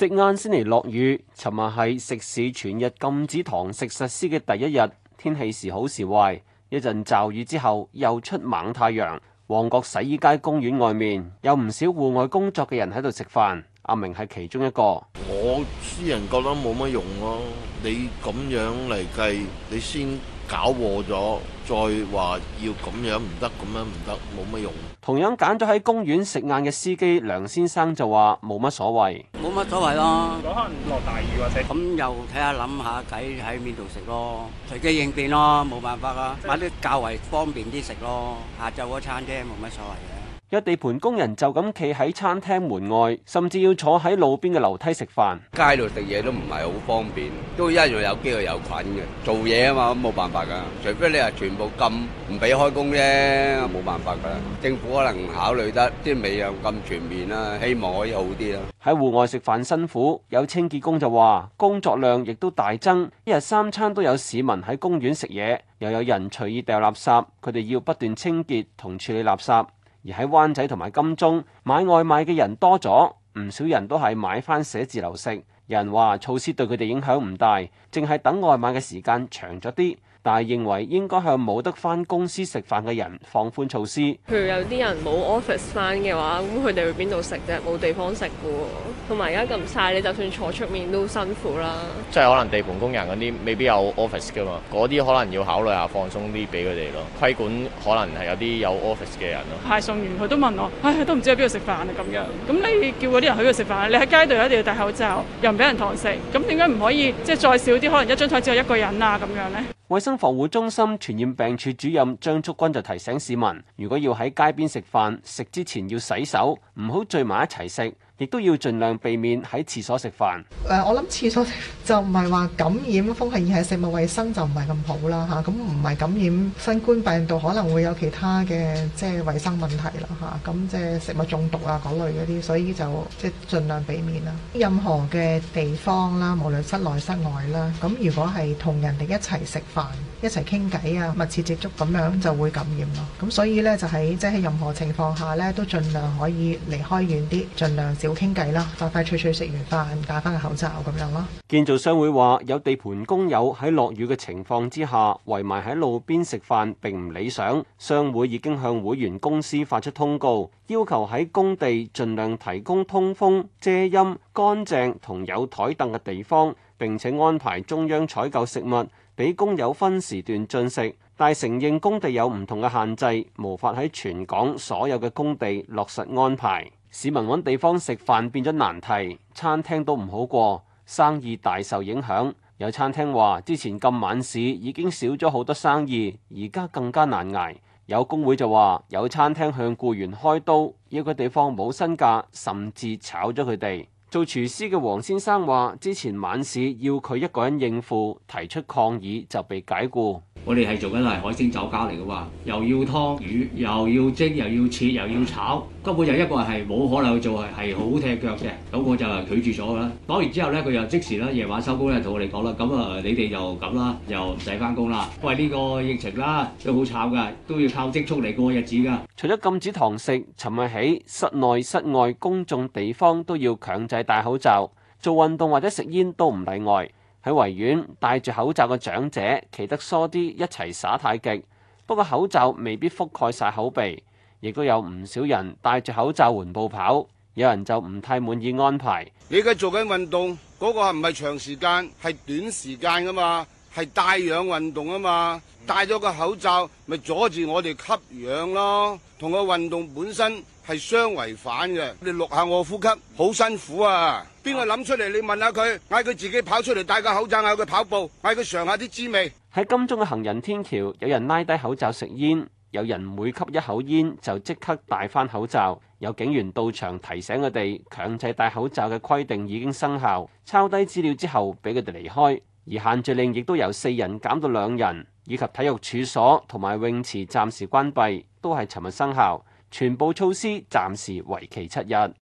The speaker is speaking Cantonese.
食晏先嚟落雨，尋日係食肆全日禁止堂食實施嘅第一日，天氣時好時壞，一陣驟雨之後又出猛太陽。旺角洗衣街公園外面有唔少戶外工作嘅人喺度食飯，阿明係其中一個。我私人覺得冇乜用咯啊，你咁樣嚟計，你先。搞錯咗，再話要咁樣唔得，咁樣唔得，冇乜用。同樣揀咗喺公園食晏嘅司機梁先生就話：冇乜所謂，冇乜所謂咯、啊。可能落大雨或者咁，又睇下諗下計喺邊度食咯，隨機應變咯、啊，冇辦法㗎、啊。買啲較為方便啲食咯，下晝嗰餐啫，冇乜所謂嘅。有地盤工人就咁企喺餐廳門外，甚至要坐喺路邊嘅樓梯食飯。街度食嘢都唔係好方便，都一樣有機會有菌嘅。做嘢啊嘛，冇辦法噶。除非你係全部禁唔俾開工啫，冇辦法噶。政府可能考慮得啲，未有咁全面啦，希望可以好啲啦。喺戶外食飯辛苦，有清潔工就話工作量亦都大增，一日三餐都有市民喺公園食嘢，又有人隨意掉垃圾，佢哋要不斷清潔同處理垃圾。而喺灣仔同埋金鐘買外賣嘅人多咗，唔少人都係買返寫字樓食。有人話措施對佢哋影響唔大，淨係等外賣嘅時間長咗啲。但係，認為應該向冇得翻公司食飯嘅人放寬措施。譬如有啲人冇 office 翻嘅話，咁佢哋去邊度食啫？冇地方食嘅喎。同埋而家咁晒，你就算坐出面都辛苦啦。即係可能地盤工人嗰啲未必有 office 噶嘛，嗰啲可能要考慮下放鬆啲俾佢哋咯。規管可能係有啲有 office 嘅人咯。派送員佢都問我，唉，都唔知去邊度食飯啊咁樣。咁你叫嗰啲人去邊度食飯，啊？你喺街度一定要戴口罩，又唔俾人堂食，咁點解唔可以即係再少啲？可能一張台只有一個人啊咁樣呢。衛生防護中心傳染病處主任張竹君就提醒市民，如果要喺街邊食飯，食之前要洗手，唔好聚埋一齊食。亦都要盡量避免喺廁所食飯。誒，我諗廁所就唔係話感染風險，而係食物衞生就唔係咁好啦嚇。咁唔係感染新冠病毒，可能會有其他嘅即係衞生問題啦嚇。咁即係食物中毒啊嗰類嗰啲，所以就即係盡量避免啦。任何嘅地方啦，無論室內室外啦，咁如果係同人哋一齊食飯。一齊傾偈啊，密切接觸咁樣就會感染咯。咁所以咧，就喺即係喺任何情況下咧，都盡量可以離開遠啲，盡量少傾偈啦，快快脆脆食完飯，戴翻個口罩咁樣咯、啊。建造商會話：有地盤工友喺落雨嘅情況之下，圍埋喺路邊食飯並唔理想。商會已經向會員公司發出通告，要求喺工地盡量提供通風、遮陰、乾淨同有台凳嘅地方。並且安排中央採購食物俾工友分時段進食，但承認工地有唔同嘅限制，無法喺全港所有嘅工地落實安排。市民揾地方食飯變咗難題，餐廳都唔好過，生意大受影響。有餐廳話：之前禁晚市已經少咗好多生意，而家更加難捱。有工會就話：有餐廳向僱員開刀，一個地方冇薪假，甚至炒咗佢哋。做廚師嘅黃先生話：之前晚市要佢一個人應付，提出抗議就被解雇。我哋係做緊係海鮮酒家嚟嘅喎，又要劏魚，又要蒸，又要切，又要炒，根本就一個係冇可能去做係係好踢腳嘅，咁我就拒絕咗啦。講完之後咧，佢又即時咧，夜晚收工咧，同我哋講啦，咁啊，你哋就咁啦，又唔使翻工啦。喂，呢個疫情啦，都好慘噶，都要靠積蓄嚟過日子噶。除咗禁止堂食，尋日起，室內、室外公眾地方都要強制戴口罩，做運動或者食煙都唔例外。 喺維園戴住口罩嘅長者，企得疏啲一齊耍太極。不過口罩未必覆蓋晒口鼻，亦都有唔少人戴住口罩緩步跑。有人就唔太滿意安排。你而家做緊運動嗰個，係唔係長時間，係短時間噶嘛？係帶氧運動啊嘛？戴咗個口罩咪阻住我哋吸氧咯，同個運動本身係相違反嘅。你錄下我呼吸，好辛苦啊！邊個諗出嚟？你問下佢，嗌佢自己跑出嚟戴個口罩，嗌佢跑步，嗌佢嘗下啲滋味。喺金鐘嘅行人天橋，有人拉低口罩食煙，有人每吸一口煙就即刻戴翻口罩。有警員到場提醒佢哋，強制戴口罩嘅規定已經生效。抄低資料之後，俾佢哋離開。而限聚令亦都由四人減到兩人，以及體育處所同埋泳池暫時關閉，都係尋日生效。全部措施暫時為期七日。